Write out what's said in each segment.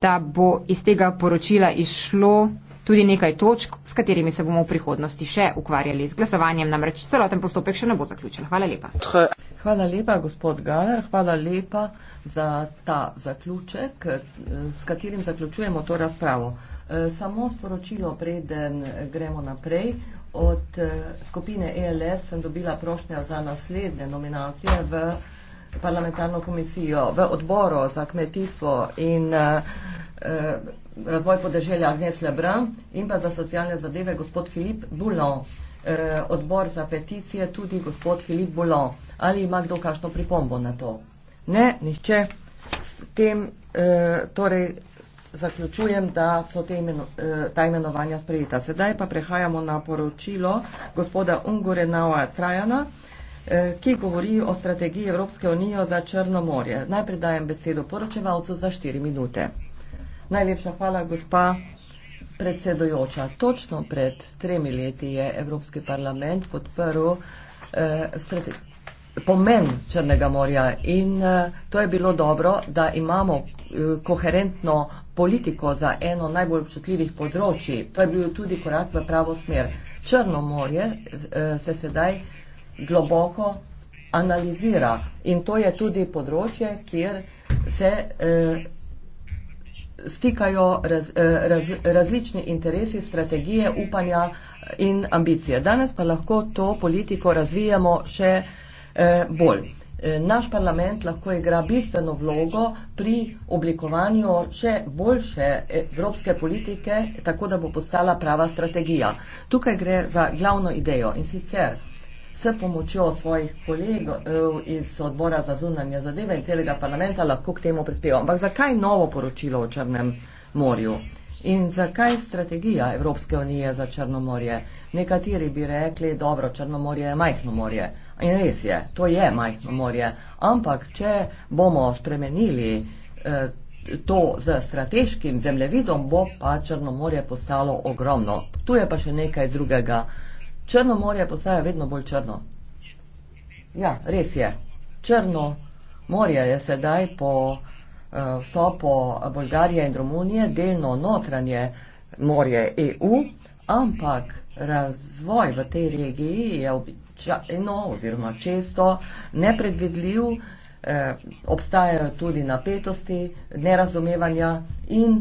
da bo iz tega poročila išlo tudi nekaj točk, s katerimi se bomo v prihodnosti še ukvarjali. Z glasovanjem namreč celoten postopek še ne bo zaključen. Hvala lepa. Hvala lepa, gospod Galer, hvala lepa za ta zaključek, s katerim zaključujemo to razpravo. Samo sporočilo, preden gremo naprej. Od eh, skupine ELS sem dobila prošnja za naslednje nominacije v parlamentarno komisijo, v odboru za kmetijstvo in uh, razvoj podeželja Agnes Lebrun in pa za socialne zadeve gospod Filip Boulon, eh, odbor za peticije tudi gospod Filip Boulon. Ali ima kdo kakšno pripombo na to? Ne, nihče. S tem torej zaključujem, da so te imeno, ta imenovanja sprejeta. Sedaj pa prehajamo na poročilo gospoda Ungure Naua Trajana. Eh, ki govori o strategiji Evropske unije za Črno morje. Najprej dajem besedo poročevalcu za 4 minute. Najlepša hvala, gospa predsedojoča. Točno pred tremi leti je Evropski parlament podprl eh, pomen Črnega morja in eh, to je bilo dobro, da imamo eh, koherentno politiko za eno najbolj občutljivih področji. To je bil tudi korak v pravo smer. Črno morje eh, se sedaj globoko analizira. In to je tudi področje, kjer se eh, stikajo raz, eh, raz, različni interesi, strategije, upanja in ambicije. Danes pa lahko to politiko razvijamo še eh, bolj. Eh, naš parlament lahko igra bistveno vlogo pri oblikovanju še boljše evropske politike, tako da bo postala prava strategija. Tukaj gre za glavno idejo in sicer s pomočjo svojih kolegov eh, iz odbora za zunanje zadeve in celega parlamenta lahko k temu prispeval. Ampak zakaj novo poročilo o Črnem morju? In zakaj strategija Evropske unije za Črno morje? Nekateri bi rekli, dobro, Črno morje je majhno morje. In res je, to je majhno morje. Ampak, če bomo spremenili eh, to z strateškim zemljevidom, bo pa Črno morje postalo ogromno. Tu je pa še nekaj drugega. Črno morje postaja vedno bolj črno. Ja, res je. Črno morje je sedaj po uh, vstopu Bolgarije in Romunije delno notranje morje EU, ampak razvoj v tej regiji je običajno oziroma često nepredvidljiv, eh, obstajajo tudi napetosti, nerazumevanja in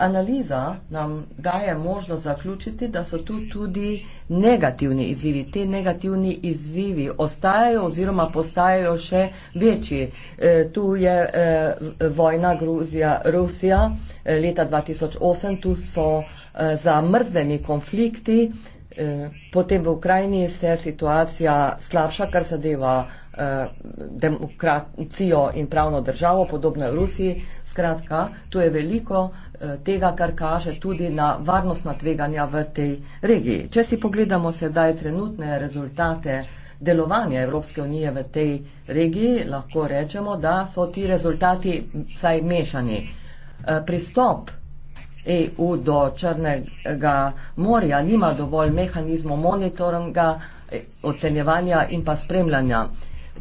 analiza nam daje možnost zaključiti, da so tu tudi negativni izzivi. Te negativni izzivi ostajajo oziroma postajajo še večji. E, tu je e, vojna Gruzija-Rusija e, leta 2008, tu so e, zamrzneni konflikti. Eh, potem v Ukrajini se je situacija slabša, kar zadeva eh, demokracijo in pravno državo, podobno je v Rusiji. Skratka, tu je veliko eh, tega, kar kaže tudi na varnostna tveganja v tej regiji. Če si pogledamo sedaj trenutne rezultate delovanja Evropske unije v tej regiji, lahko rečemo, da so ti rezultati vsaj mešani. Eh, pristop. EU do Črnega morja nima dovolj mehanizmov monitoringa, eh, ocenjevanja in pa spremljanja.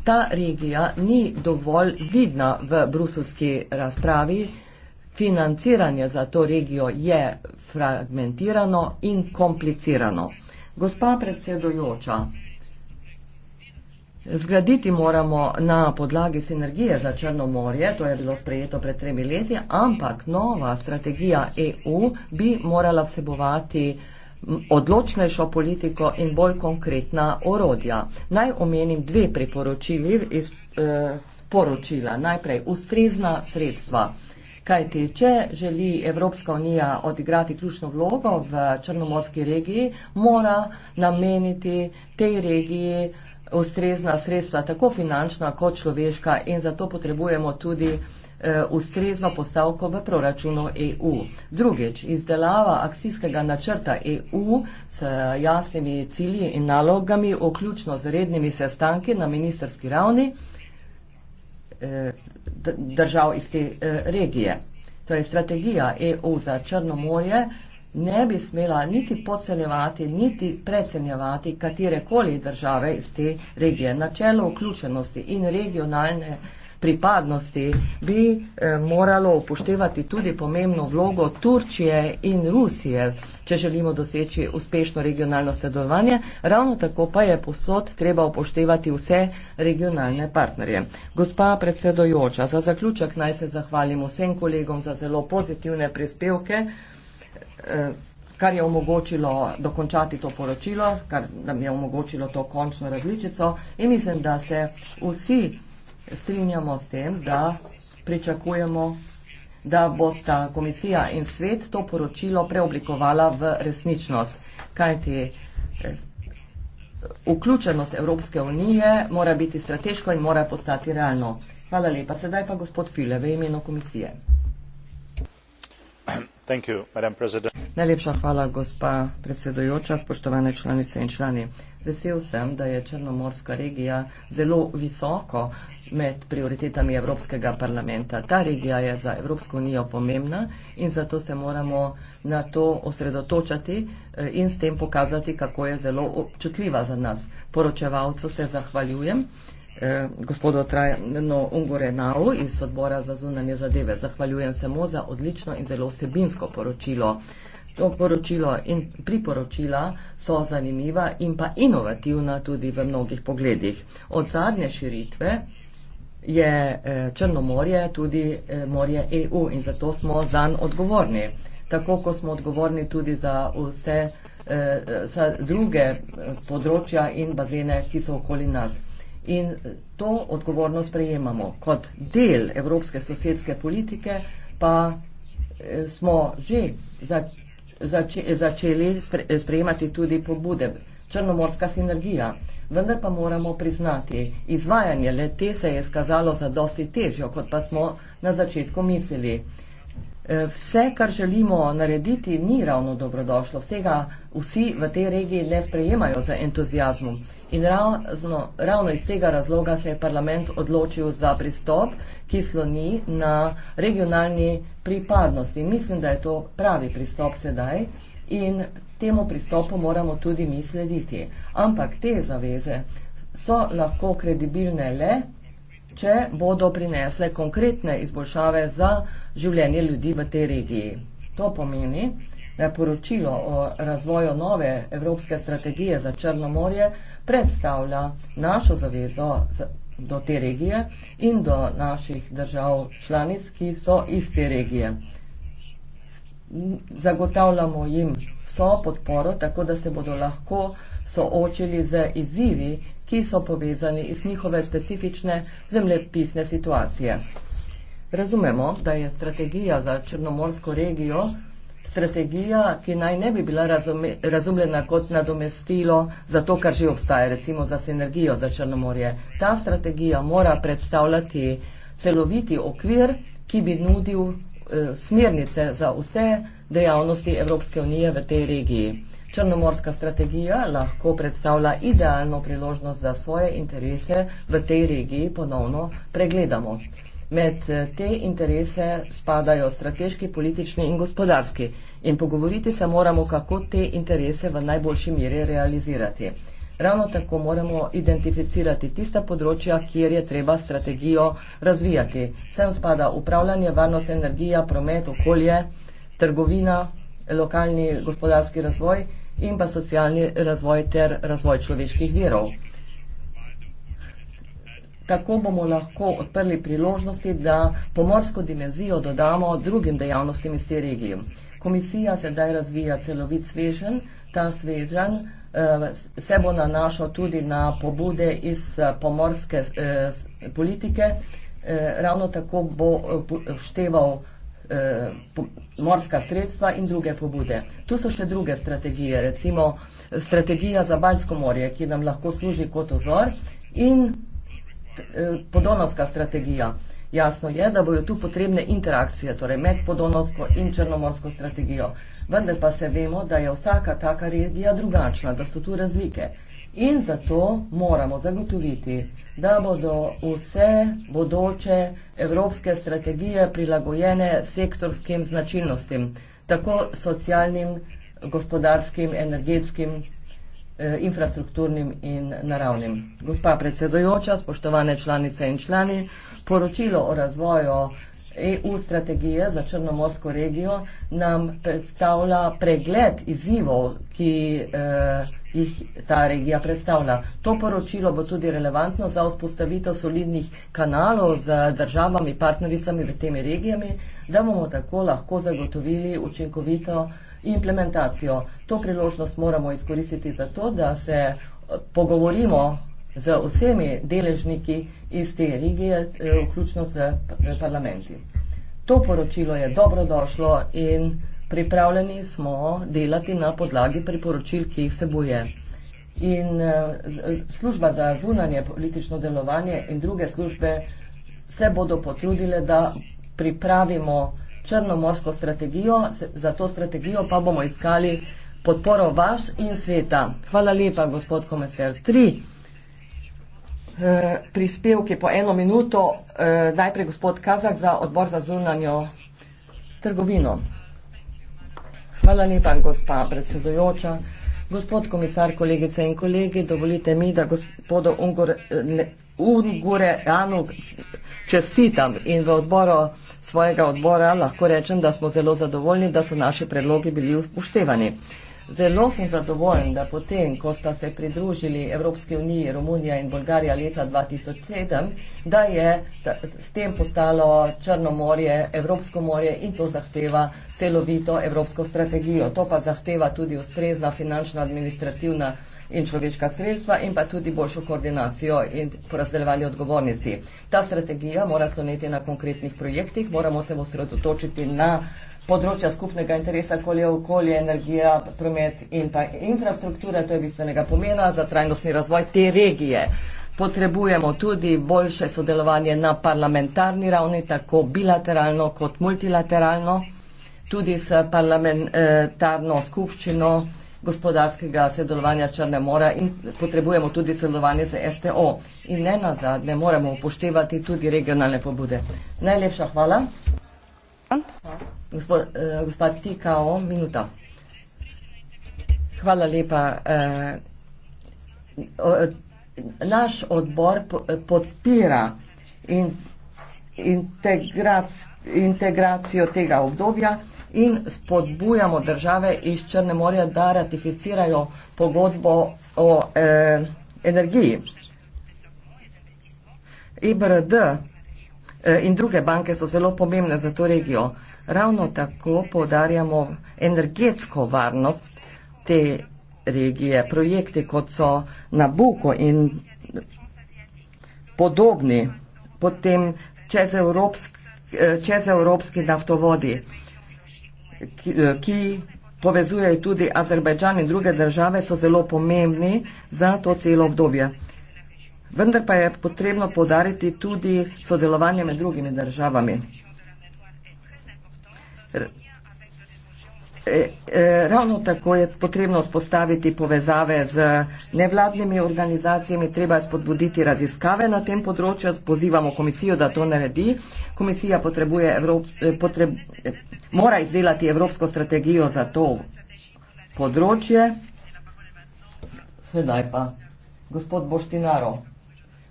Ta regija ni dovolj vidna v brusovski razpravi, financiranje za to regijo je fragmentirano in komplicirano. Gospa predsedujoča, Zgraditi moramo na podlagi sinergije za Črno morje, to je bilo sprejeto pred tremi leti, ampak nova strategija EU bi morala vsebovati odločnejšo politiko in bolj konkretna orodja. Naj omenim dve priporočili iz eh, poročila. Najprej ustrezna sredstva. Kajti, če želi Evropska unija odigrati ključno vlogo v Črnomorski regiji, mora nameniti tej regiji eh, ustrezna sredstva, tako finančna kot človeška in zato potrebujemo tudi eh, ustrezno postavko v proračunu EU. Drugič, izdelava akcijskega načrta EU s eh, jasnimi cilji in nalogami, vključno z rednimi sestanki na ministerski ravni eh, držav iz te regije. To je strategija EU za Črno morje ne bi smela niti podcenjevati, niti precenjevati katerekoli države iz te regije. Načelo vključenosti in regionalne pripadnosti bi eh, moralo upoštevati tudi pomembno vlogo Turčije in Rusije, če želimo doseči uspešno regionalno sodelovanje. Ravno tako pa je posod treba upoštevati vse regionalne partnerje. Gospa predsedojoča, za zaključek naj se zahvalim vsem kolegom za zelo pozitivne prispevke kar je omogočilo dokončati to poročilo, kar nam je omogočilo to končno različico in mislim, da se vsi strinjamo s tem, da pričakujemo, da bosta komisija in svet to poročilo preoblikovala v resničnost, kajti eh, vključenost Evropske unije mora biti strateško in mora postati realno. Hvala lepa. Sedaj pa gospod File v imenu komisije. Najlepša hvala, gospa predsedujoča, spoštovane članice in člani. Vesel sem, da je Črnomorska regija zelo visoko med prioritetami Evropskega parlamenta. Ta regija je za Evropsko unijo pomembna in zato se moramo na to osredotočati eh, in s tem pokazati, kako je zelo občutljiva za nas. Poročevalcu se zahvaljujem eh, gospodu Trajno Ungorenau iz odbora za zunanje zadeve. Zahvaljujem se mu za odlično in zelo sebinsko poročilo. To poročilo in priporočila so zanimiva in pa inovativna tudi v mnogih pogledih. Od zadnje širitve je eh, Črnomorje tudi eh, morje EU in zato smo zanj odgovorni. Tako kot smo odgovorni tudi za vse eh, za druge eh, področja in bazene, ki so okoli nas. In to odgovornost prejemamo kot del evropske sosedske politike, pa eh, smo že začeli sprejemati tudi pobude. Črnomorska sinergija. Vendar pa moramo priznati, izvajanje le te se je skazalo za dosti težjo, kot pa smo na začetku mislili. Vse, kar želimo narediti, ni ravno dobrodošlo. Vsega vsi v tej regiji ne sprejemajo z entuzijazmom. In ravno, ravno iz tega razloga se je parlament odločil za pristop, ki sloni na regionalni pripadnosti. Mislim, da je to pravi pristop sedaj in temu pristopu moramo tudi mi slediti. Ampak te zaveze so lahko kredibilne le, če bodo prinesle konkretne izboljšave za življenje ljudi v tej regiji. To pomeni, da je poročilo o razvoju nove evropske strategije za Črno morje predstavlja našo zavezo do te regije in do naših držav članic, ki so iz te regije. Zagotavljamo jim so podporo, tako da se bodo lahko soočili z izzivi, ki so povezani iz njihove specifične zemljepisne situacije. Razumemo, da je strategija za Črnomorsko regijo strategija, ki naj ne bi bila razume, razumljena kot nadomestilo za to, kar že obstaja, recimo za sinergijo za Črnomorje. Ta strategija mora predstavljati celoviti okvir, ki bi nudil eh, smernice za vse dejavnosti Evropske unije v tej regiji. Črnomorska strategija lahko predstavlja idealno priložnost, da svoje interese v tej regiji ponovno pregledamo. Med eh, te interese spadajo strateški, politični in gospodarski in pogovoriti se moramo, kako te interese v najboljši meri realizirati. Ravno tako moramo identificirati tista področja, kjer je treba strategijo razvijati. Sem spada upravljanje, varnost, energija, promet, okolje, trgovina, lokalni gospodarski razvoj in pa socialni razvoj ter razvoj človeških virov. Tako bomo lahko odprli priložnosti, da pomorsko dimenzijo dodamo drugim dejavnostim iz te regije. Komisija sedaj razvija celovit svežen, ta svežen eh, se bo nanašal tudi na pobude iz eh, pomorske eh, politike, ravno tako bo števal Eh, morska sredstva in druge pobude. Tu so še druge strategije, recimo strategija za Baljsko morje, ki nam lahko služi kot ozor in eh, podonovska strategija. Jasno je, da bojo tu potrebne interakcije, torej med podonovsko in črnomorsko strategijo. Vendar pa se vemo, da je vsaka taka regija drugačna, da so tu razlike. In zato moramo zagotoviti, da bodo vse bodoče evropske strategije prilagojene sektorskim značilnostim, tako socialnim, gospodarskim, energetskim Eh, infrastrukturnim in naravnim. Gospa predsedojoča, spoštovane članice in člani, poročilo o razvoju EU strategije za Črnomorsko regijo nam predstavlja pregled izzivov, ki eh, jih ta regija predstavlja. To poročilo bo tudi relevantno za vzpostavitev solidnih kanalov z državami, partnericami v temi regijami, da bomo tako lahko zagotovili učinkovito implementacijo. To priložnost moramo izkoristiti za to, da se pogovorimo z vsemi deležniki iz te regije, eh, vključno z eh, parlamenti. To poročilo je dobrodošlo in pripravljeni smo delati na podlagi priporočil, ki jih vsebuje. In eh, služba za zunanje politično delovanje in druge službe se bodo potrudile, da pripravimo črnomorsko strategijo. Za to strategijo pa bomo iskali podporo vaš in sveta. Hvala lepa, gospod komisar. Tri e, eh, prispevke po eno minuto. E, najprej gospod Kazak za odbor za zunanjo trgovino. Hvala lepa, gospa predsedujoča. Gospod komisar, kolegice in kolegi, dovolite mi, da gospodo Ungor, Ungure Anu čestitam in v odboru svojega odbora lahko rečem, da smo zelo zadovoljni, da so naši predlogi bili upoštevani. Zelo sem zadovoljen, da potem, ko sta se pridružili Evropske unije Romunija in Bolgarija leta 2007, da je s tem postalo Črno morje, Evropsko morje in to zahteva celovito evropsko strategijo. To pa zahteva tudi ustrezna finančna administrativna strategija in človeška sredstva in pa tudi boljšo koordinacijo in porazdeljevanje odgovornosti. Ta strategija mora sloniti na konkretnih projektih, moramo se osredotočiti na področja skupnega interesa, okolje, okolje, energija, promet in pa infrastruktura, to je bistvenega pomena za trajnostni razvoj te regije. Potrebujemo tudi boljše sodelovanje na parlamentarni ravni, tako bilateralno kot multilateralno, tudi s parlamentarno skupščino gospodarskega sodelovanja Črne mora in potrebujemo tudi sodelovanje z STO. In ne nazadnje moramo upoštevati tudi regionalne pobude. Najlepša hvala. Gospod, eh, gospod Tikao, minuta. Hvala lepa. Eh, o, naš odbor po, podpira in, integrac, integracijo tega obdobja in spodbujamo države iz Črne morja, da ratificirajo pogodbo o eh, energiji. IBRD eh, in druge banke so zelo pomembne za to regijo. Ravno tako podarjamo energetsko varnost te regije, projekte, kot so Nabuko in podobni, potem čez evropski, eh, čez evropski naftovodi ki, eh, ki povezujejo tudi Azerbajdžan in druge države, so zelo pomembni za to celo obdobje. Vendar pa je potrebno podariti tudi sodelovanje med drugimi državami. E, e, ravno tako je potrebno spostaviti povezave z nevladnimi organizacijami, treba je spodbuditi raziskave na tem področju, pozivamo komisijo, da to naredi. Komisija potrebuje Evrop, e, potreb, mora izdelati evropsko strategijo za to področje. Sedaj pa gospod Boštinaro,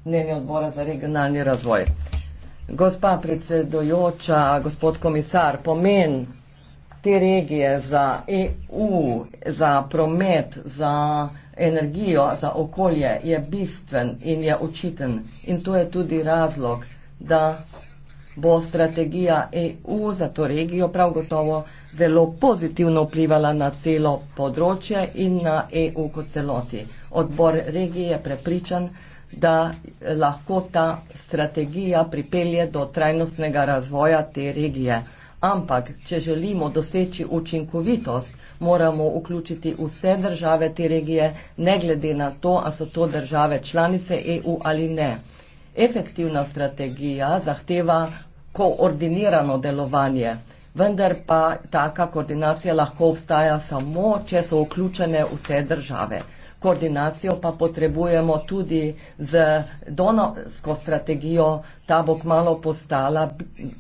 mnenje odbora za regionalni razvoj. Gospa predsedujoča, gospod komisar, pomen te regije za EU, za promet, za energijo, za okolje je bistven in je očiten. In to je tudi razlog, da bo strategija EU za to regijo prav gotovo zelo pozitivno vplivala na celo področje in na EU kot celoti. Odbor regije je prepričan, da lahko ta strategija pripelje do trajnostnega razvoja te regije. Ampak, če želimo doseči učinkovitost, moramo vključiti vse države te regije, ne glede na to, a so to države članice EU ali ne. Efektivna strategija zahteva koordinirano delovanje, vendar pa taka koordinacija lahko obstaja samo, če so vključene vse države koordinacijo pa potrebujemo tudi z donosko strategijo, ta bo kmalo postala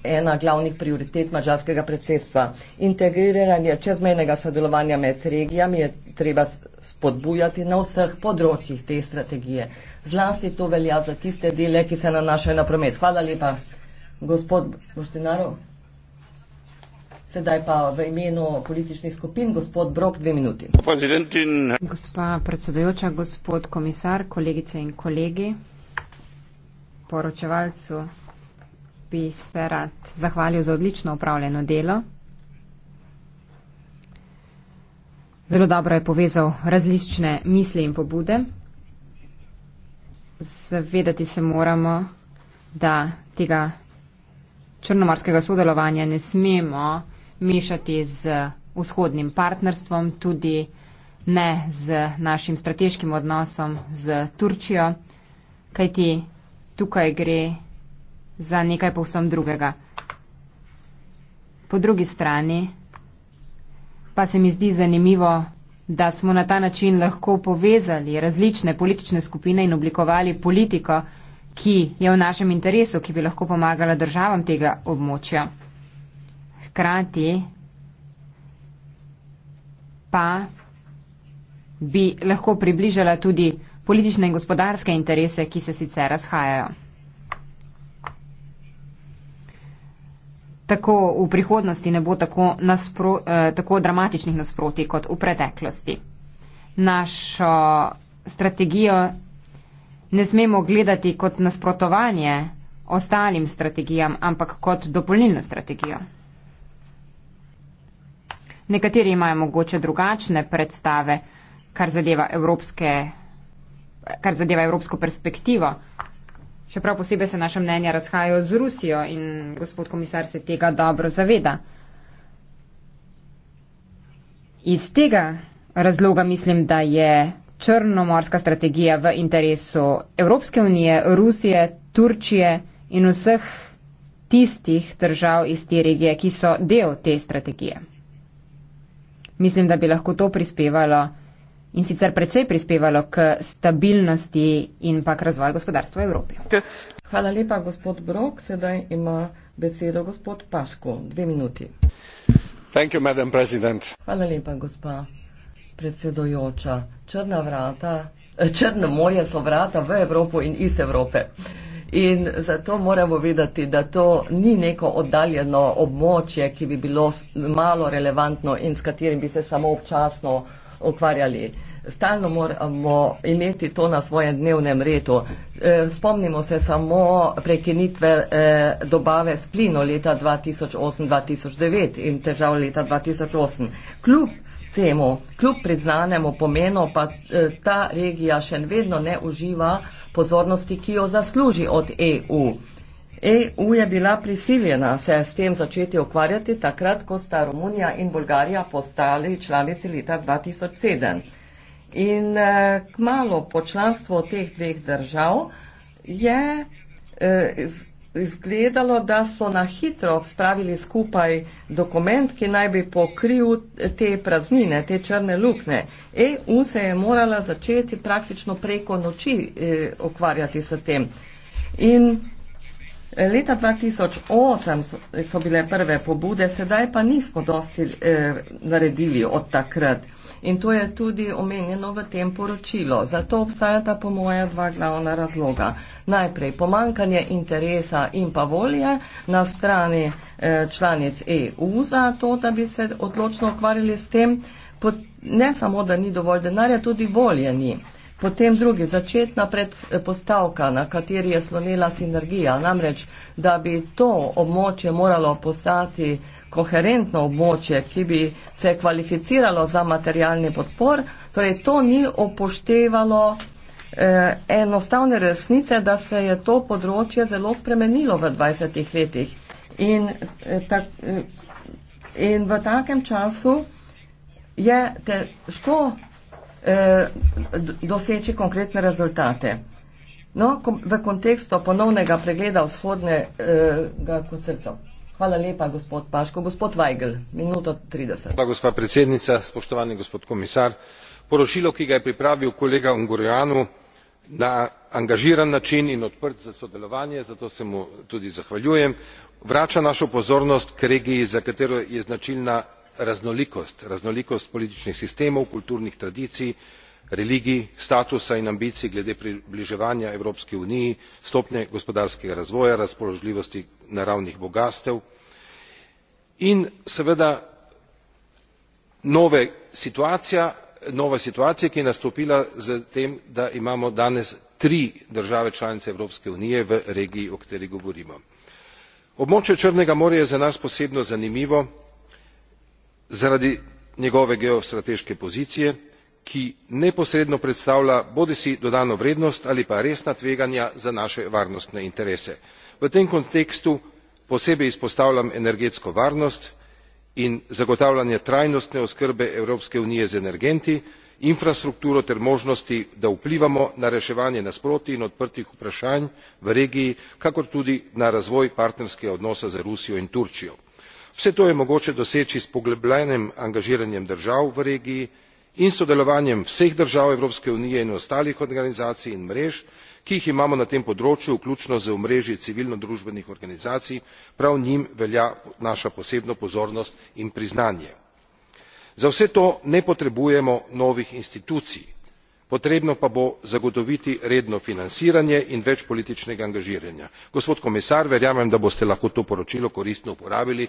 ena glavnih prioritet mađarskega predsedstva. Integriranje čezmejnega sodelovanja med regijami je treba spodbujati na vseh področjih te strategije. Zlasti to velja za tiste dele, ki se nanašajo na promet. Hvala lepa, gospod Boštinarov. Sedaj pa v imenu političnih skupin, gospod Brok, dve minuti. Gospa predsedujoča, gospod komisar, kolegice in kolegi, poročevalcu bi se rad zahvalil za odlično upravljeno delo. Zelo dobro je povezal različne misli in pobude. Zavedati se moramo, da tega črnomorskega sodelovanja ne smemo mešati z vzhodnim partnerstvom, tudi ne z našim strateškim odnosom z Turčijo, kajti tukaj gre za nekaj povsem drugega. Po drugi strani pa se mi zdi zanimivo, da smo na ta način lahko povezali različne politične skupine in oblikovali politiko, ki je v našem interesu, ki bi lahko pomagala državam tega območja hkrati pa bi lahko približala tudi politične in gospodarske interese, ki se sicer razhajajo. Tako v prihodnosti ne bo tako, naspro, eh, tako dramatičnih nasproti kot v preteklosti. Našo strategijo ne smemo gledati kot nasprotovanje ostalim strategijam, ampak kot dopolnilno strategijo. Nekateri imajo mogoče drugačne predstave, kar zadeva, evropske, kar zadeva evropsko perspektivo. Še prav posebej se naša mnenja razhajajo z Rusijo in gospod komisar se tega dobro zaveda. Iz tega razloga mislim, da je črnomorska strategija v interesu Evropske unije, Rusije, Turčije in vseh tistih držav iz te regije, ki so del te strategije mislim, da bi lahko to prispevalo in sicer predvsej prispevalo k stabilnosti in pa k razvoju gospodarstva v Evropi. Hvala lepa, gospod Brok. Sedaj ima besedo gospod Paško. Dve minuti. You, Hvala lepa, gospa predsedojoča. Črna vrata, eh, črno morje so vrata v Evropo in iz Evrope. Uh, In zato moramo vedeti, da to ni neko oddaljeno območje, ki bi bilo malo relevantno in s katerim bi se samo občasno ukvarjali stalno moramo imeti to na svojem dnevnem redu. E, spomnimo se samo prekinitve e, dobave s plino leta 2008-2009 in težav leta 2008. Kljub temu, kljub priznanemu pomenu, pa e, ta regija še vedno ne uživa pozornosti, ki jo zasluži od EU. EU je bila prisiljena se s tem začeti ukvarjati takrat, ko sta Romunija in Bolgarija postali članici leta 2007. In eh, k malo po članstvu teh dveh držav je eh, izgledalo, da so na hitro spravili skupaj dokument, ki naj bi pokril te praznine, te črne lukne. EU se je morala začeti praktično preko noči eh, ukvarjati s tem. In Leta 2008 so bile prve pobude, sedaj pa nismo dosti eh, naredili od takrat. In to je tudi omenjeno v tem poročilu. Zato obstajata po moja dva glavna razloga. Najprej pomankanje interesa in pa volje na strani eh, članic EU za to, da bi se odločno ukvarjali s tem. Ne samo, da ni dovolj denarja, tudi volje ni. Potem drugi, začetna predpostavka, eh, na kateri je slonila sinergija, namreč, da bi to območje moralo postati koherentno območje, ki bi se kvalificiralo za materialni podpor, torej to ni upoštevalo eh, enostavne resnice, da se je to področje zelo spremenilo v 20 letih. In, eh, tak, eh, in v takem času je težko Eh, doseči konkretne rezultate. No, kom, v kontekstu ponovnega pregleda vzhodnega eh, koncertov. Hvala lepa, gospod Paško. Gospod Weigl, minuto 30. Hvala, gospa predsednica, spoštovani gospod komisar. Porošilo, ki ga je pripravil kolega Ungorjanu na angažiran način in odprt za sodelovanje, zato se mu tudi zahvaljujem, vrača našo pozornost k regiji, za katero je značilna raznolikost raznolikost političnih sistemov kulturnih tradicij religij statusa in ambicij glede približevanja evropski uniji stopnje gospodarskega razvoja razpoložljivosti naravnih bogastev in seveda nove situacija nova situacija ki je nastopila s tem da imamo danes tri države članice evropske unije v regiji o kateri govorimo območje črnega morja je za nas posebno zanimivo zaradi njegove geostrateške pozicije ki neposredno predstavlja bodisi dodano vrednost ali pa resna tveganja za naše varnostne interese. v tem kontekstu posebej izpostavljam energetsko varnost in zagotavljanje trajnostne oskrbe evropske unije z energenti infrastrukturo ter možnosti da vplivamo na reševanje nasprotij in odprtih vprašanj v regiji kakor tudi na razvoj partnerskega odnosa z rusijo in turčijo vse to je mogoče doseči s poglobljenim angažiranjem držav v regiji in sodelovanjem vseh držav evropske unije in ostalih organizacij in mrež ki jih imamo na tem področju vključno z omrežji civilno družbenih organizacij prav njim velja naša posebna pozornost in priznanje. za vse to ne potrebujemo novih institucij potrebno pa bo zagotoviti redno financiranje in več političnega angažiranja. gospod komisar verjamem da boste lahko to poročilo koristno uporabili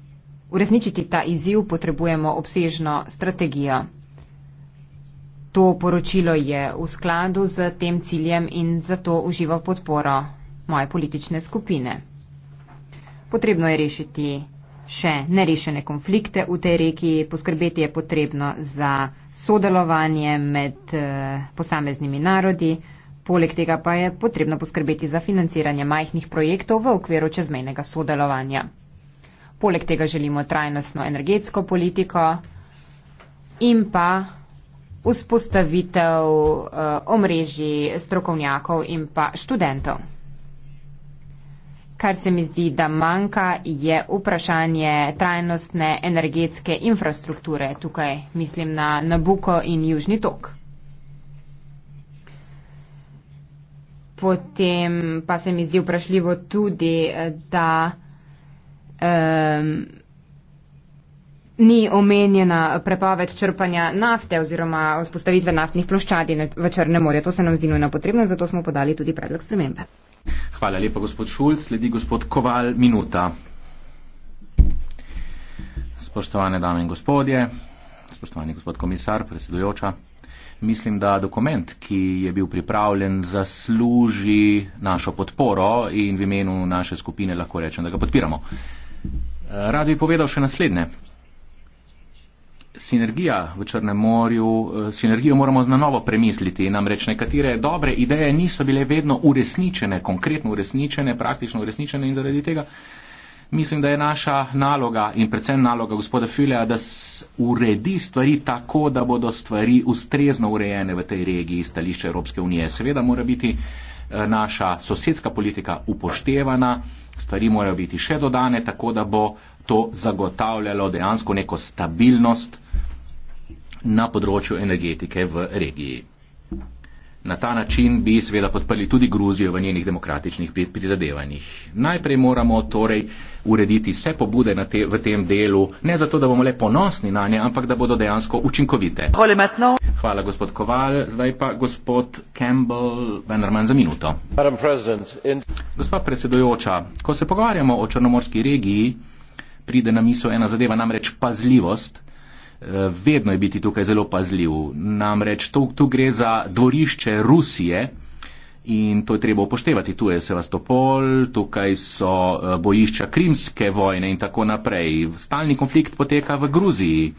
Uresničiti ta izziv potrebujemo obsežno strategijo. To poročilo je v skladu z tem ciljem in zato uživa podporo moje politične skupine. Potrebno je rešiti še nerešene konflikte v tej regiji, poskrbeti je potrebno za sodelovanje med eh, posameznimi narodi, poleg tega pa je potrebno poskrbeti za financiranje majhnih projektov v okviru čezmejnega sodelovanja. Poleg tega želimo trajnostno energetsko politiko in pa vzpostavitev uh, eh, omrežji strokovnjakov in pa študentov. Kar se mi zdi, da manjka, je vprašanje trajnostne energetske infrastrukture. Tukaj mislim na Nabuko in Južni tok. Potem pa se mi zdi vprašljivo tudi, eh, da um, ni omenjena prepoved črpanja nafte oziroma vzpostavitve naftnih ploščadi v Črnem morju. To se nam zdi nujno potrebno, zato smo podali tudi predlog spremembe. Hvala lepa, gospod Šulc. Sledi gospod Koval, minuta. Spoštovane dame in gospodje, spoštovani gospod komisar, predsedujoča. Mislim, da dokument, ki je bil pripravljen, zasluži našo podporo in v imenu naše skupine lahko rečem, da ga podpiramo. Rad bi povedal še naslednje. Sinergija v Črnem morju, eh, sinergijo moramo na novo premisliti, namreč nekatere dobre ideje niso bile vedno uresničene, konkretno uresničene, praktično uresničene in zaradi tega mislim, da je naša naloga in predvsem naloga gospoda Fileja, da uredi stvari tako, da bodo stvari ustrezno urejene v tej regiji stališče Evropske unije. Seveda mora biti eh, naša sosedska politika upoštevana stvari morajo biti še dodane, tako da bo to zagotavljalo dejansko neko stabilnost na področju energetike v regiji. Na ta način bi seveda podprli tudi Gruzijo v njenih demokratičnih prizadevanjih. Najprej moramo torej urediti vse pobude te, v tem delu, ne zato, da bomo le ponosni na nje, ampak da bodo dejansko učinkovite. Hvala, gospod Koval. Zdaj pa gospod Campbell Vennerman za minuto. In... Gospa predsedujoča, ko se pogovarjamo o črnomorski regiji, pride na misel ena zadeva, namreč pazljivost. Eh, vedno je biti tukaj zelo pazljiv. Namreč tu, tu gre za dvorišče Rusije in to je treba upoštevati. Tu je Sevastopol, tukaj so eh, bojišča Krimske vojne in tako naprej. Stalni konflikt poteka v Gruziji.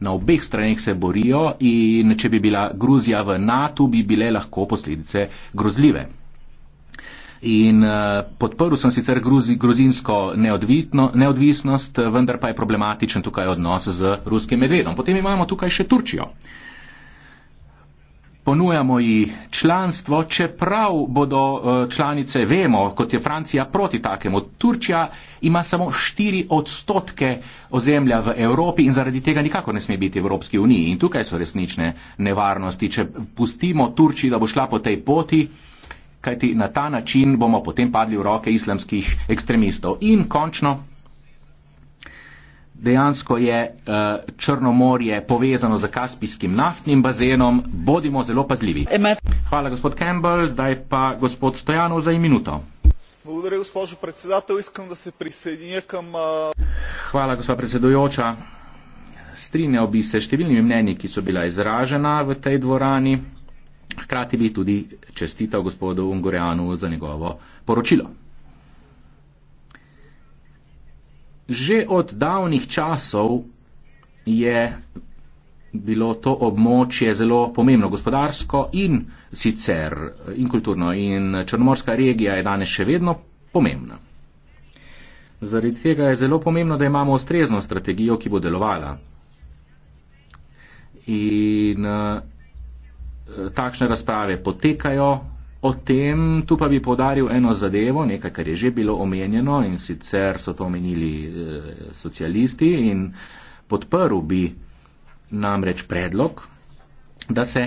Na obeh straneh se borijo in če bi bila Gruzija v NATO, bi bile lahko posledice grozljive in uh, eh, podporil sem sicer gruzi, gruzinsko neodvisnost, eh, vendar pa je problematičen tukaj odnos z ruskim medvedom. Potem imamo tukaj še Turčijo. Ponujamo ji članstvo, čeprav bodo eh, članice, vemo, kot je Francija proti takemu. Turčija ima samo 4 odstotke ozemlja v Evropi in zaradi tega nikako ne sme biti v Evropski uniji. In tukaj so resnične nevarnosti. Če pustimo Turčiji, da bo šla po tej poti, kajti na ta način bomo potem padli v roke islamskih ekstremistov. In končno, dejansko je uh, Črnomorje povezano z kaspijskim naftnim bazenom, bodimo zelo pazljivi. Hvala, gospod Campbell, zdaj pa gospod Stojanov za en minuto. Благодаря, госпожо председател. Искам да се присъединя към. Хвала, госпожа председуюча. Стринял би се številни мнения, ки са била изражена в тези дворани. Hkrati bi tudi čestital gospodu Ungorjanu za njegovo poročilo. Že od davnih časov je bilo to območje zelo pomembno gospodarsko in sicer in kulturno in črnomorska regija je danes še vedno pomembna. Zaradi tega je zelo pomembno, da imamo ustrezno strategijo, ki bo delovala. In takšne razprave potekajo o tem. Tu pa bi povdaril eno zadevo, nekaj, kar je že bilo omenjeno in sicer so to omenili eh, socialisti in podprl bi namreč predlog, da se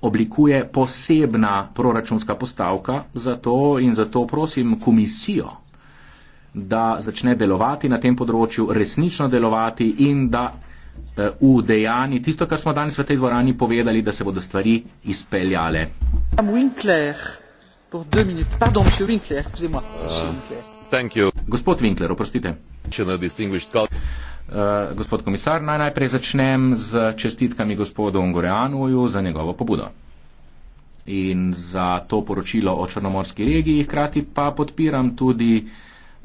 oblikuje posebna proračunska postavka za to in zato prosim komisijo, da začne delovati na tem področju, resnično delovati in da Eh, v dejanji tisto, kar smo danes v tej dvorani povedali, da se bodo stvari izpeljale. Uh, gospod Winkler, oprostite. Uh, gospod komisar, naj najprej začnem z čestitkami gospodu Ungorjanuju za njegovo pobudo in za to poročilo o črnomorski regiji. Hkrati pa podpiram tudi uh,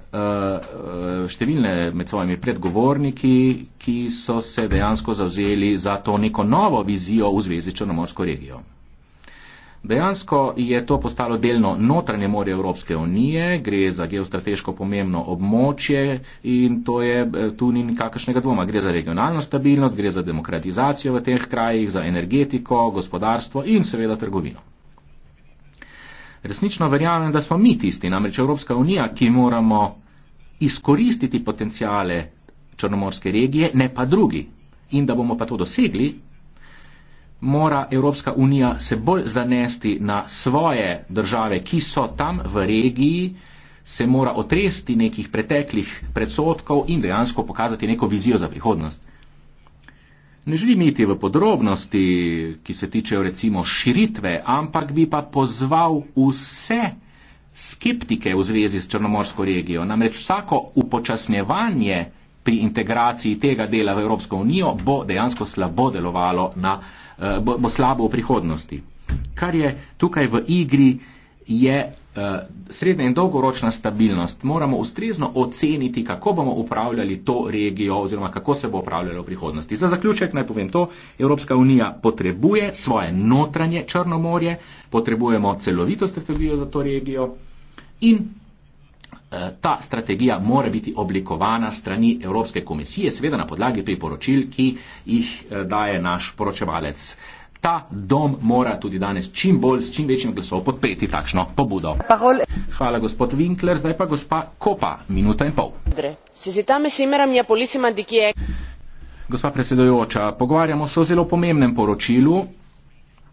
Eh, eh, številne med svojimi predgovorniki, ki so se dejansko zavzeli za to neko novo vizijo v zvezi črnomorsko regijo. Dejansko je to postalo delno notranje more Evropske unije, gre za geostrateško pomembno območje in to je eh, tu ni nikakršnega dvoma. Gre za regionalno stabilnost, gre za demokratizacijo v teh krajih, za energetiko, gospodarstvo in seveda trgovino resnično verjamem, da smo mi tisti, namreč Evropska unija, ki moramo izkoristiti potencijale črnomorske regije, ne pa drugi. In da bomo pa to dosegli, mora Evropska unija se bolj zanesti na svoje države, ki so tam v regiji, se mora otresti nekih preteklih predsotkov in dejansko pokazati neko vizijo za prihodnost. Ne želim iti v podrobnosti, ki se tičejo recimo širitve, ampak bi pa pozval vse skeptike v zvezi s Črnomorsko regijo. Namreč vsako upočasnjevanje pri integraciji tega dela v Evropsko unijo bo dejansko slabo delovalo, na, eh, bo, bo slabo v prihodnosti. Kar je tukaj v igri, je Eh, srednja in dolgoročna stabilnost, moramo ustrezno oceniti, kako bomo upravljali to regijo oziroma kako se bo upravljalo v prihodnosti. Za zaključek naj povem to, Evropska unija potrebuje svoje notranje Črnomorje, potrebujemo celovito strategijo za to regijo in eh, ta strategija mora biti oblikovana strani Evropske komisije, seveda na podlagi priporočil, ki jih eh, daje naš poročevalec Ta dom mora tudi danes čim bolj, s čim večjim glasom podpreti takšno pobudo. Hvala, gospod Winkler. Zdaj pa gospa Kopa, minuta in pol. Gospa predsedujoča, pogovarjamo se o zelo pomembnem poročilu,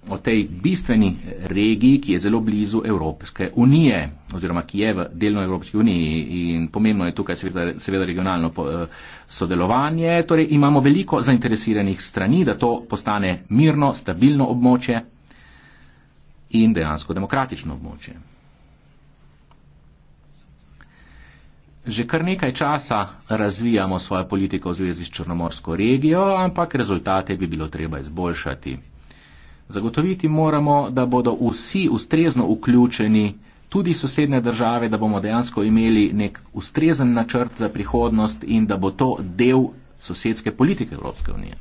o tej bistveni regiji, ki je zelo blizu Evropske unije oziroma ki je v delno Evropski uniji in pomembno je tukaj seveda, seveda regionalno eh, sodelovanje. Torej imamo veliko zainteresiranih strani, da to postane mirno, stabilno območje in dejansko demokratično območje. Že kar nekaj časa razvijamo svojo politiko v zvezi s Črnomorsko regijo, ampak rezultate bi bilo treba izboljšati. Zagotoviti moramo, da bodo vsi ustrezno vključeni, tudi sosedne države, da bomo dejansko imeli nek ustrezen načrt za prihodnost in da bo to del sosedske politike Evropske unije.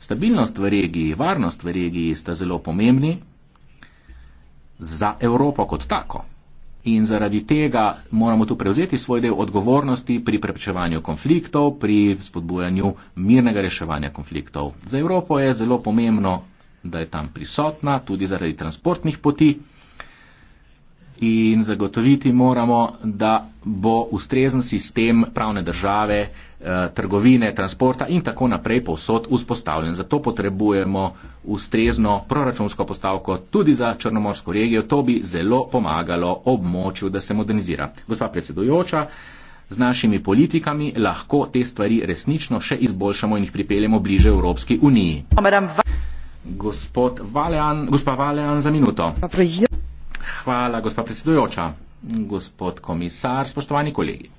Stabilnost v regiji, varnost v regiji sta zelo pomembni za Evropo kot tako. In zaradi tega moramo tu prevzeti svoj del odgovornosti pri preprečevanju konfliktov, pri spodbujanju mirnega reševanja konfliktov. Za Evropo je zelo pomembno da je tam prisotna, tudi zaradi transportnih poti. In zagotoviti moramo, da bo ustrezen sistem pravne države, eh, trgovine, transporta in tako naprej povsod vzpostavljen. Zato potrebujemo ustrezno proračunsko postavko tudi za Črnomorsko regijo. To bi zelo pomagalo območju, da se modernizira. Gospa predsedujoča, z našimi politikami lahko te stvari resnično še izboljšamo in jih pripeljemo bliže Evropski uniji. Omeram, va- Gospod Valean, gospa Valean, za minuto. Hvala, gospa predsedujoča. Gospod komisar, spoštovani kolegi.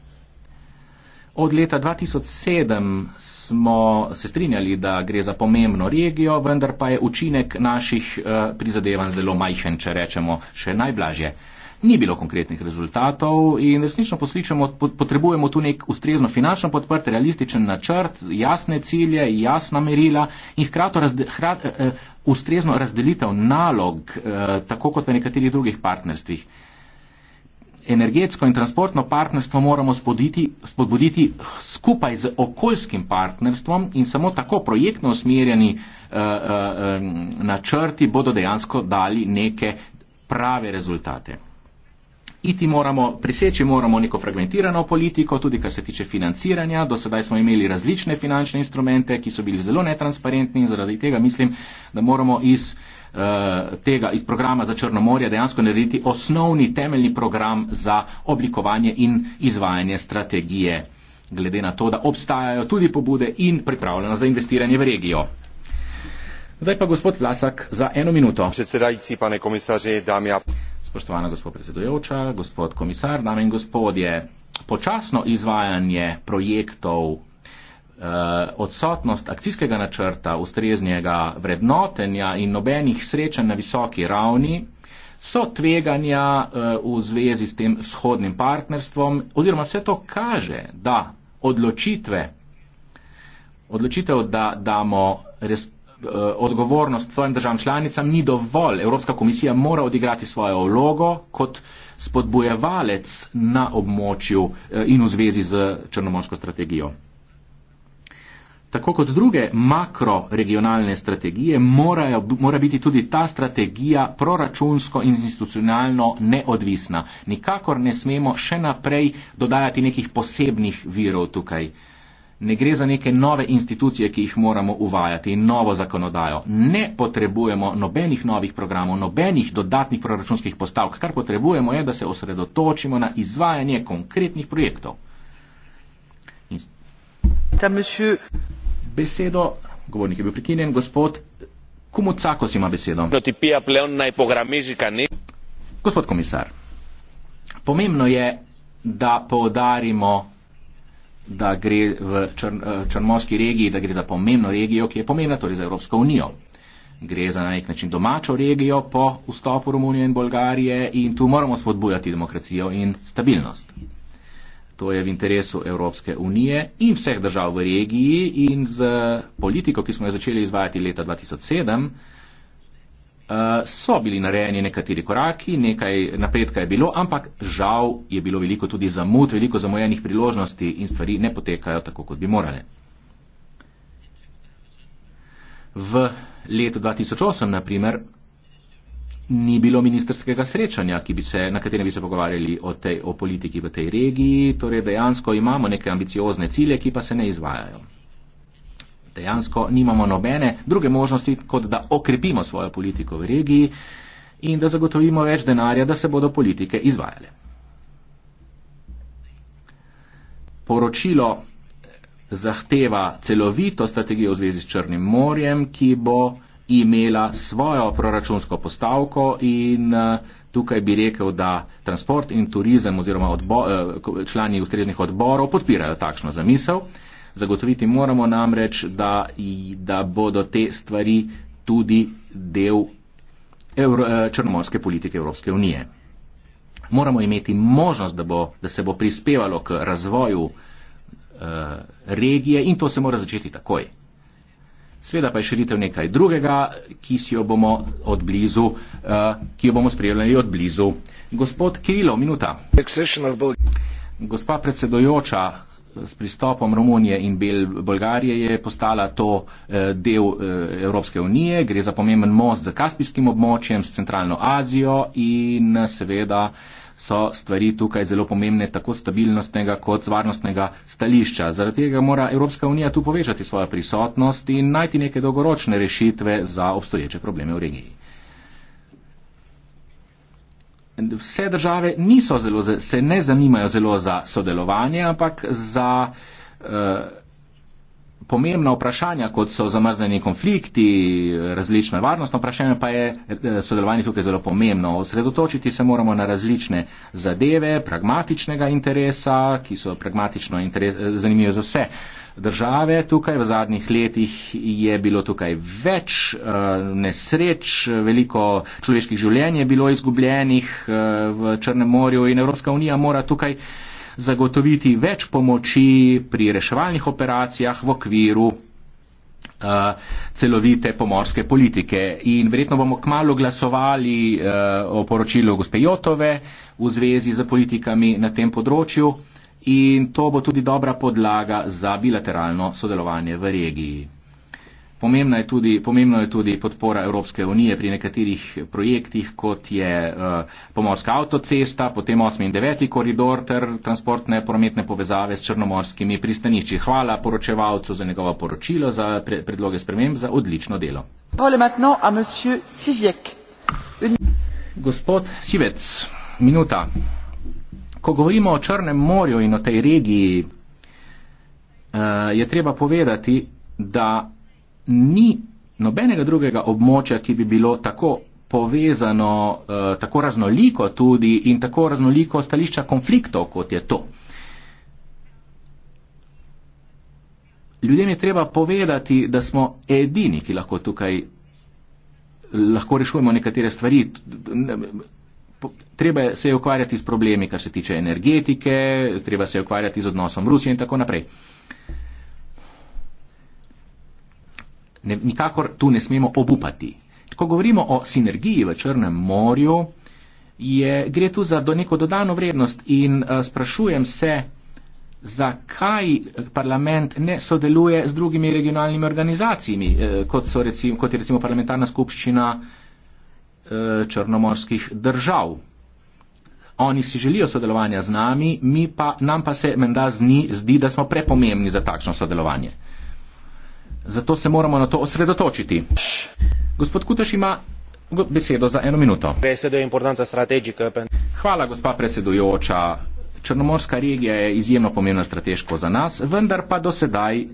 Od leta 2007 smo se strinjali, da gre za pomembno regijo, vendar pa je učinek naših eh, prizadevanj zelo majhen, če rečemo še najblažje ni bilo konkretnih rezultatov in resnično posličamo, potrebujemo tu nek ustrezno finančno podprt, realističen načrt, jasne cilje, jasna merila in hkrati razde, hrat, uh, eh, eh, ustrezno razdelitev nalog, uh, tako kot v nekaterih drugih partnerstvih. Energetsko in transportno partnerstvo moramo spodbuditi, spodbuditi skupaj z okoljskim partnerstvom in samo tako projektno usmerjeni uh, uh, načrti bodo dejansko dali neke prave rezultate iti moramo, priseči moramo neko fragmentirano politiko, tudi kar se tiče financiranja. Do sedaj smo imeli različne finančne instrumente, ki so bili zelo netransparentni in zaradi tega mislim, da moramo iz eh, tega iz programa za Črnomorje dejansko narediti osnovni temeljni program za oblikovanje in izvajanje strategije, glede na to, da obstajajo tudi pobude in pripravljeno za investiranje v regijo. Zdaj pa gospod Vlasak za eno minuto. Predsedajci, pane komisarji, dam ja. Spoštovana gospod predsedujoča, gospod komisar, dame in gospodje, počasno izvajanje projektov, eh, odsotnost akcijskega načrta, ustreznega vrednotenja in nobenih srečanj na visoki ravni so tveganja eh, v zvezi s tem vzhodnim partnerstvom, oziroma vse to kaže, da odločitve, odločitev, da damo res. Eh, odgovornost svojim državam članicam ni dovolj. Evropska komisija mora odigrati svojo vlogo kot spodbujevalec na območju eh, in v zvezi z črnomorsko strategijo. Tako kot druge makroregionalne strategije, morajo, mora biti tudi ta strategija proračunsko in institucionalno neodvisna. Nikakor ne smemo še naprej dodajati nekih posebnih virov tukaj. Uh, ne gre za neke nove institucije, ki jih moramo uvajati in novo zakonodajo. Ne potrebujemo nobenih novih programov, nobenih dodatnih proračunskih postavk. Kar potrebujemo je, da se osredotočimo na izvajanje konkretnih projektov. In... Monsieur... Besedo, govornik je bil prekinjen, gospod Kumucakos ima besedo. Gospod komisar, pomembno je, da poudarimo, da gre v Črn, eh, Črnomorski regiji, da gre za pomembno regijo, ki je pomembna torej za Evropsko unijo. Gre za na nek način domačo regijo po vstopu Romunije in Bolgarije in tu moramo spodbujati demokracijo in stabilnost. To je v interesu Evropske unije in vseh držav v regiji in z politiko, ki smo jo začeli izvajati leta 2007. Eh, so bili narejeni nekateri koraki, nekaj napredka je bilo, ampak žal je bilo veliko tudi zamud, veliko zamujenih priložnosti in stvari ne potekajo tako, kot bi morale. V letu 2008, na primer, ni bilo ministerskega srečanja, se, na katerem bi se pogovarjali o, tej, o politiki v tej regiji, torej dejansko imamo neke ambiciozne cilje, ki pa se ne izvajajo dejansko nimamo nobene druge možnosti, kot da okrepimo svojo politiko v regiji in da zagotovimo več denarja, da se bodo politike izvajale. Poročilo eh, zahteva celovito strategijo v zvezi s Črnim morjem, ki bo imela svojo proračunsko postavko in eh, tukaj bi rekel, da transport in turizem oziroma odbo, eh, člani ustreznih odborov podpirajo takšno zamisel. Zagotoviti moramo namreč, da, da bodo te stvari tudi del Evro, eh, črnomorske politike Evropske unije. Moramo imeti možnost, da, bo, da se bo prispevalo k razvoju eh, regije in to se mora začeti takoj. Sveda pa je širitev nekaj drugega, ki si jo bomo od blizu, eh, ki jo bomo sprejeli od blizu. Gospod Kirilov, minuta. Gospa predsedojoča, s pristopom Romunije in Bel Bolgarije je postala to eh, del eh, Evropske unije. Gre za pomemben most z Kaspijskim območjem, s Centralno Azijo in seveda so stvari tukaj zelo pomembne tako stabilnostnega kot varnostnega stališča. Zaradi tega mora Evropska unija tu povečati svojo prisotnost in najti neke dolgoročne rešitve za obstoječe probleme v regiji vse države zelo, se ne zanimajo zelo za sodelovanje, ampak za uh, pomembna vprašanja, kot so zamrzani konflikti, različna varnostna vprašanja, pa je eh, sodelovanje tukaj zelo pomembno. Osredotočiti se moramo na različne zadeve pragmatičnega interesa, ki so pragmatično interes, eh, zanimive za vse države. Tukaj v zadnjih letih je bilo tukaj več eh, nesreč, veliko človeških življenj je bilo izgubljenih v Črnem morju in Evropska unija mora tukaj zagotoviti več pomoči pri reševalnih operacijah v okviru eh, celovite pomorske politike. In verjetno bomo kmalo glasovali uh, o poročilu gospe Jotove v zvezi z politikami na tem področju in to bo tudi dobra podlaga za bilateralno sodelovanje v regiji. Pomembna je tudi, pomembna je tudi podpora Evropske unije pri nekaterih projektih, kot je uh, pomorska avtocesta, potem 8 in 9 koridor ter transportne prometne povezave s črnomorskimi pristanišči. Hvala poročevalcu za njegovo poročilo, za pre, predloge sprememb, za odlično delo. Gospod Sivec, minuta. Ko govorimo o Črnem morju in o tej regiji, uh, je treba povedati, da ni nobenega drugega območja, ki bi bilo tako povezano, eh, tako raznoliko tudi in tako raznoliko stališča konfliktov, kot je to. Ljudem je treba povedati, da smo edini, ki lahko tukaj lahko rešujemo nekatere stvari. Treba se je ukvarjati s problemi, kar se tiče energetike, treba se je ukvarjati z odnosom Rusije in tako naprej. ne, nikakor tu ne smemo obupati. Ko govorimo o sinergiji v Črnem morju, je, gre tu za do neko dodano vrednost in uh, sprašujem se, zakaj parlament ne sodeluje z drugimi regionalnimi organizacijami, eh, kot, recimo, kot je recimo parlamentarna skupščina eh, črnomorskih držav. Oni si želijo sodelovanja z nami, pa, nam pa se menda zdi, da smo prepomembni za takšno sodelovanje. Eh, Zato se moramo na to osredotočiti. Gospod Kutaš ima besedo za eno minuto. Hvala, gospa predsedujoča. Črnomorska regija je izjemno pomembna strateško za nas, vendar pa do sedaj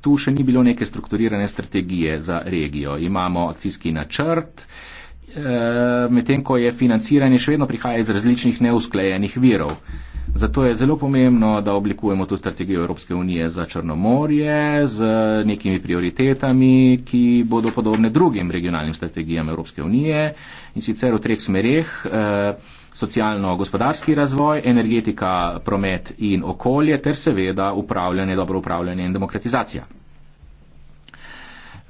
tu še ni bilo neke strukturirane strategije za regijo. Imamo akcijski načrt, eh, medtem ko je financiranje še vedno prihaja iz različnih neusklejenih virov. Zato je zelo pomembno, da oblikujemo to strategijo Evropske unije za Črnomorje z nekimi prioritetami, ki bodo podobne drugim regionalnim strategijam Evropske unije in sicer v treh smereh. Eh, socialno-gospodarski razvoj, energetika, promet in okolje ter seveda upravljanje, dobro upravljanje in demokratizacija.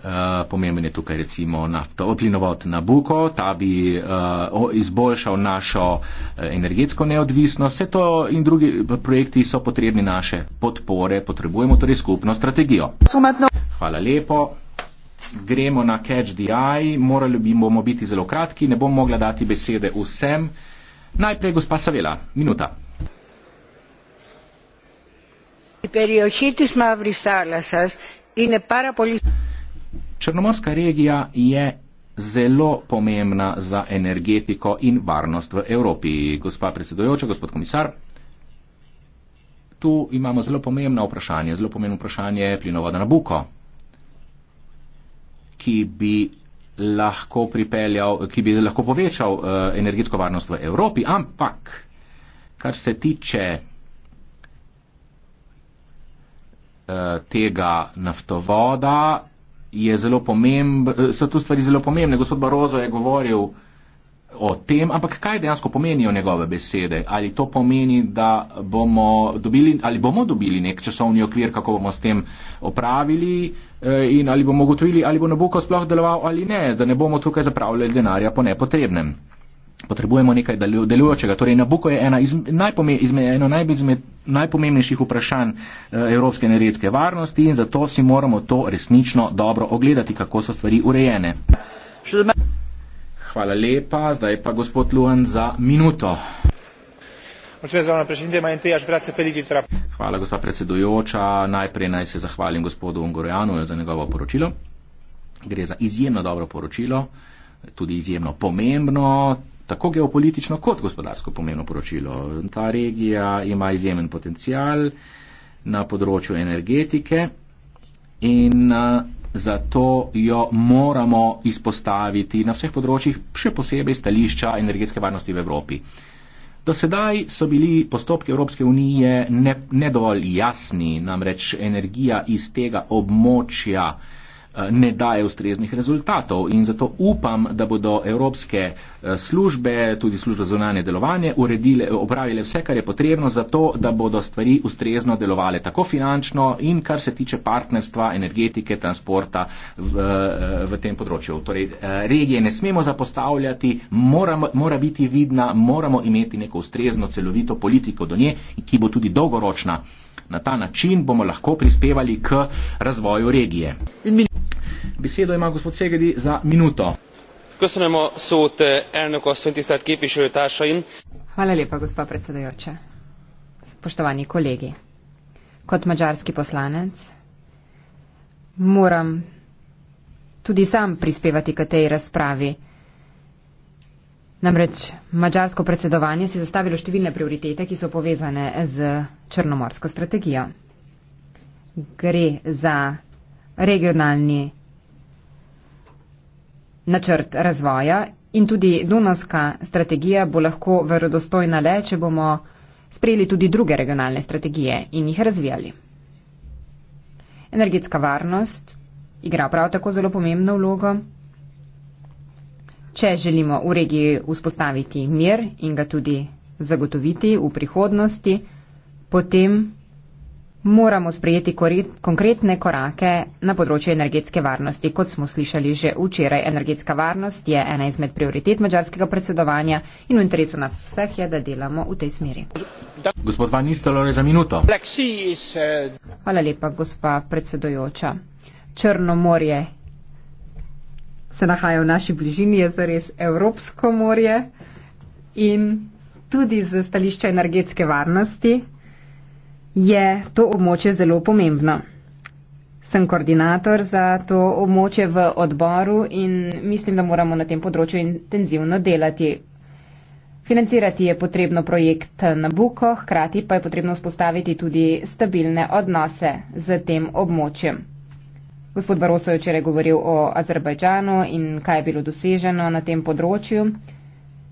Eh, pomemben je tukaj recimo nafto, plinovod Nabuko, ta bi uh, izboljšal našo eh, energetsko neodvisnost. Vse to in drugi projekti so potrebni naše podpore, potrebujemo torej skupno strategijo. Sumetno. Hvala lepo. Gremo na catch the eye, morali bi bomo biti zelo kratki, ne bom mogla dati besede vsem. Najprej gospa Savela, minuta. Periohiti smo avristala sas in je parapolitika. Črnomorska regija je zelo pomembna za energetiko in varnost v Evropi. Gospa predsedojoča, gospod komisar, tu imamo zelo pomembno vprašanje, zelo pomembno vprašanje plinovoda Nabuko, ki bi lahko pripeljal, ki bi lahko povečal uh, energetsko varnost v Evropi, ampak kar se tiče uh, tega naftovoda, je zelo pomembno, so tu stvari zelo pomembne. Gospod Barozo je govoril o tem, ampak kaj dejansko pomenijo njegove besede? Ali to pomeni, da bomo dobili, ali bomo dobili nek časovni okvir, kako bomo s tem opravili eh, in ali bomo ugotovili, ali bo Nabuko sploh deloval ali ne, da ne bomo tukaj zapravljali denarja po nepotrebnem? potrebujemo nekaj delujočega. Torej, Nabuko je ena iz, najpome, izme, eno najbizmed, najpomembnejših vprašanj eh, evropske energetske varnosti in zato si moramo to resnično dobro ogledati, kako so stvari urejene. Hvala lepa. Zdaj pa gospod Luan za minuto. Hvala, gospod predsedujoča. Najprej naj se zahvalim gospodu Ungorjanu za njegovo poročilo. Gre za izjemno dobro poročilo, tudi izjemno pomembno tako geopolitično kot gospodarsko pomeno poročilo. Ta regija ima izjemen potencial na področju energetike in eh, zato jo moramo izpostaviti na vseh področjih, še posebej stališča energetske varnosti v Evropi. Do sedaj so bili postopki Evropske unije ne, ne dovolj jasni, namreč energija iz tega območja Eh, ne daje ustreznih rezultatov in zato upam, da bodo evropske eh, službe, tudi službe za zunanje delovanje, uredile, opravile vse, kar je potrebno za to, da bodo stvari ustrezno delovale tako finančno in kar se tiče partnerstva, energetike, transporta v, eh, v tem področju. Torej, regije ne smemo zapostavljati, moramo, mora biti vidna, moramo imeti neko ustrezno, celovito politiko do nje, ki bo tudi dolgoročna. Na ta način bomo lahko prispevali k razvoju regije. Besedo ima gospod Segedi za minuto. Köszönöm a szót elnök asszony, tisztelt képviselőtársaim. Hvala lepa, gospa predsedajoča. Spoštovani kolegi, kot mađarski poslanec moram tudi sam prispevati k tej razpravi. Namreč mačarsko predsedovanje si zastavilo številne prioritete, ki so povezane z črnomorsko strategijo. Gre za regionalni načrt razvoja in tudi Dunavska strategija bo lahko verodostojna le, če bomo sprejeli tudi druge regionalne strategije in jih razvijali. Energetska varnost igra prav tako zelo pomembno vlogo če želimo v regiji vzpostaviti mir in ga tudi zagotoviti v prihodnosti, potem moramo sprejeti konkretne korake na področju energetske varnosti. Kot smo slišali že včeraj, energetska varnost je ena izmed prioritet mačarskega predsedovanja in v interesu nas vseh je, da delamo v tej smeri. Gospod Van Nistelore za minuto. Uh, Hvala lepa, gospa predsedojoča. Črno morje se nahaja v naši bližini, je zares Evropsko morje in tudi z stališča energetske varnosti je to območje zelo pomembno. Sem koordinator za to območje v odboru in mislim, da moramo na tem področju intenzivno delati. Financirati je potrebno projekt Nabuko, hkrati pa je potrebno spostaviti tudi stabilne odnose z tem območjem. Gospod Baroso je včeraj govoril o Azerbajdžanu in kaj je bilo doseženo na tem področju.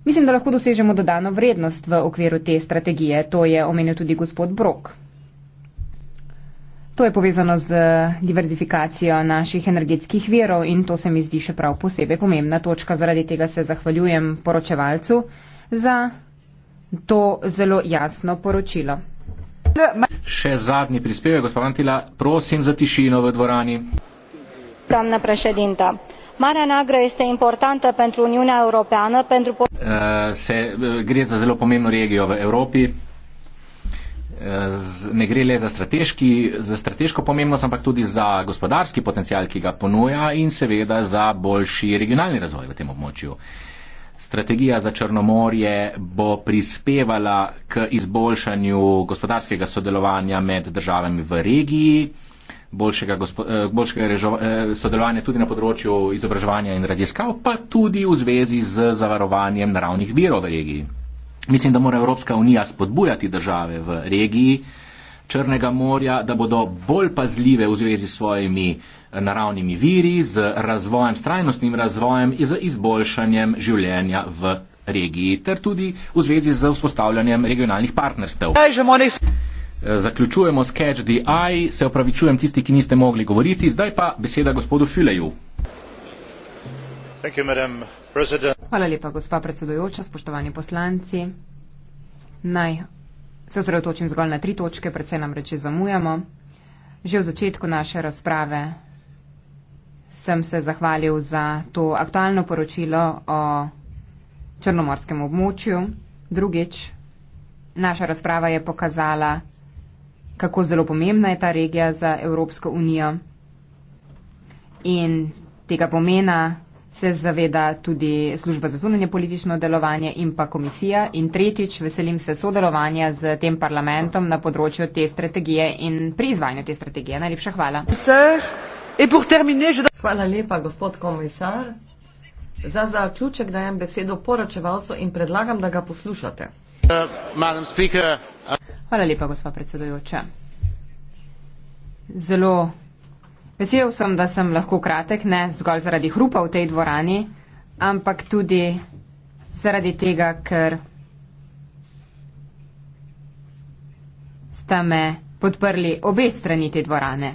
Mislim, da lahko dosežemo dodano vrednost v okviru te strategije. To je omenil tudi gospod Brok. To je povezano z diverzifikacijo naših energetskih verov in to se mi zdi še prav posebej pomembna točka. Zaradi tega se zahvaljujem poročevalcu za to zelo jasno poročilo. Še zadnji prispevek, gospod Antila, prosim za tišino v dvorani marea neagră este importantă pentru uniunea europeană pentru eh, eh, eh, ne gre le za, za strateško pomembnost, ampak tudi za gospodarski potencial, ki ga ponuja in seveda za boljši regionalni razvoj v tem območju. Strategija za Črnomorje bo prispevala k izboljšanju gospodarskega sodelovanja med državami v regiji boljšega, eh, boljšega eh, sodelovanja tudi na področju izobraževanja in raziskav, pa tudi v zvezi z zavarovanjem naravnih virov v regiji. Mislim, da mora Evropska unija spodbujati države v regiji Črnega morja, da bodo bolj pazljive v zvezi s svojimi eh, naravnimi viri, z razvojem, s trajnostnim razvojem in z izboljšanjem življenja v regiji, ter tudi v zvezi z vzpostavljanjem regionalnih partnerstev. Zaključujemo sketch the eye, se opravičujem tisti, ki niste mogli govoriti. Zdaj pa beseda gospodu Fileju. Hvala lepa, gospa predsedujoča, spoštovani poslanci. Naj se osredotočim zgolj na tri točke, predvsem nam reči zamujamo. Že v začetku naše razprave sem se zahvalil za to aktualno poročilo o črnomorskem območju. Drugič, naša razprava je pokazala, kako zelo pomembna je ta regija za Evropsko unijo. In tega pomena se zaveda tudi služba za zunanje politično delovanje in pa komisija. In tretjič, veselim se sodelovanja z tem parlamentom na področju te strategije in pri izvajanju te strategije. Najlepša hvala. Hvala lepa, gospod komisar. Za zaključek dajem besedo poročevalcu in predlagam, da ga poslušate. Uh, Hvala lepa, gospa predsedojoča. Zelo vesel sem, da sem lahko kratek, ne zgolj zaradi hrupa v tej dvorani, ampak tudi zaradi tega, ker sta me podprli obe strani te dvorane.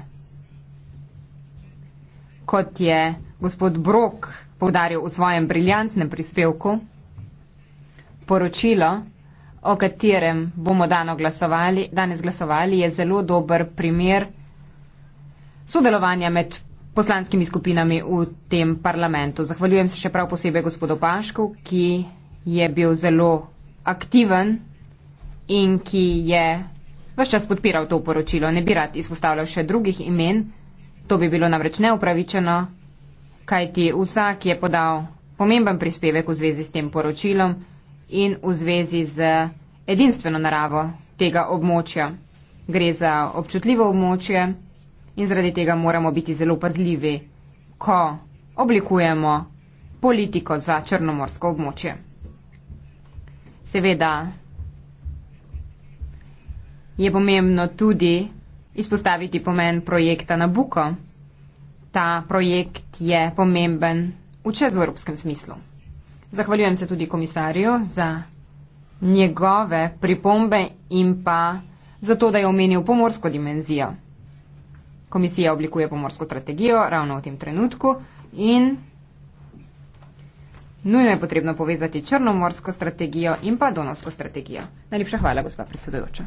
Kot je gospod Brok povdaril v svojem briljantnem prispevku, poročilo, o katerem bomo glasovali, danes glasovali, je zelo dober primer sodelovanja med poslanskimi skupinami v tem parlamentu. Zahvaljujem se še prav posebej gospodu Pašku, ki je bil zelo aktiven in ki je vse čas podpiral to poročilo. Ne bi rad izpostavljal še drugih imen, to bi bilo namreč neupravičeno, kajti vsak je podal pomemben prispevek v zvezi s tem poročilom in v zvezi z edinstveno naravo tega območja. Gre za občutljivo območje in zaradi tega moramo biti zelo pazljivi, ko oblikujemo politiko za črnomorsko območje. Seveda je pomembno tudi izpostaviti pomen projekta Nabuko. Ta projekt je pomemben v čezevropskem smislu. Zahvaljujem se tudi komisarju za njegove pripombe in pa za to, da je omenil pomorsko dimenzijo. Komisija oblikuje pomorsko strategijo ravno v tem trenutku in nujno je potrebno povezati črnomorsko strategijo in pa donosko strategijo. Najlepša hvala, gospa predsedujoča.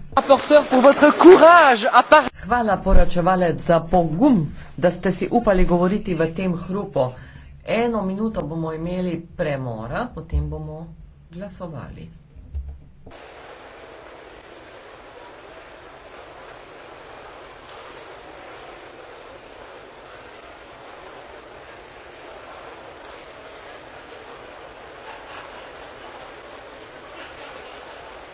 Hvala, poročevalec, za pogum, da ste si upali govoriti v tem hrupu. Eno minuto bomo imeli premora, potem bomo glasovali.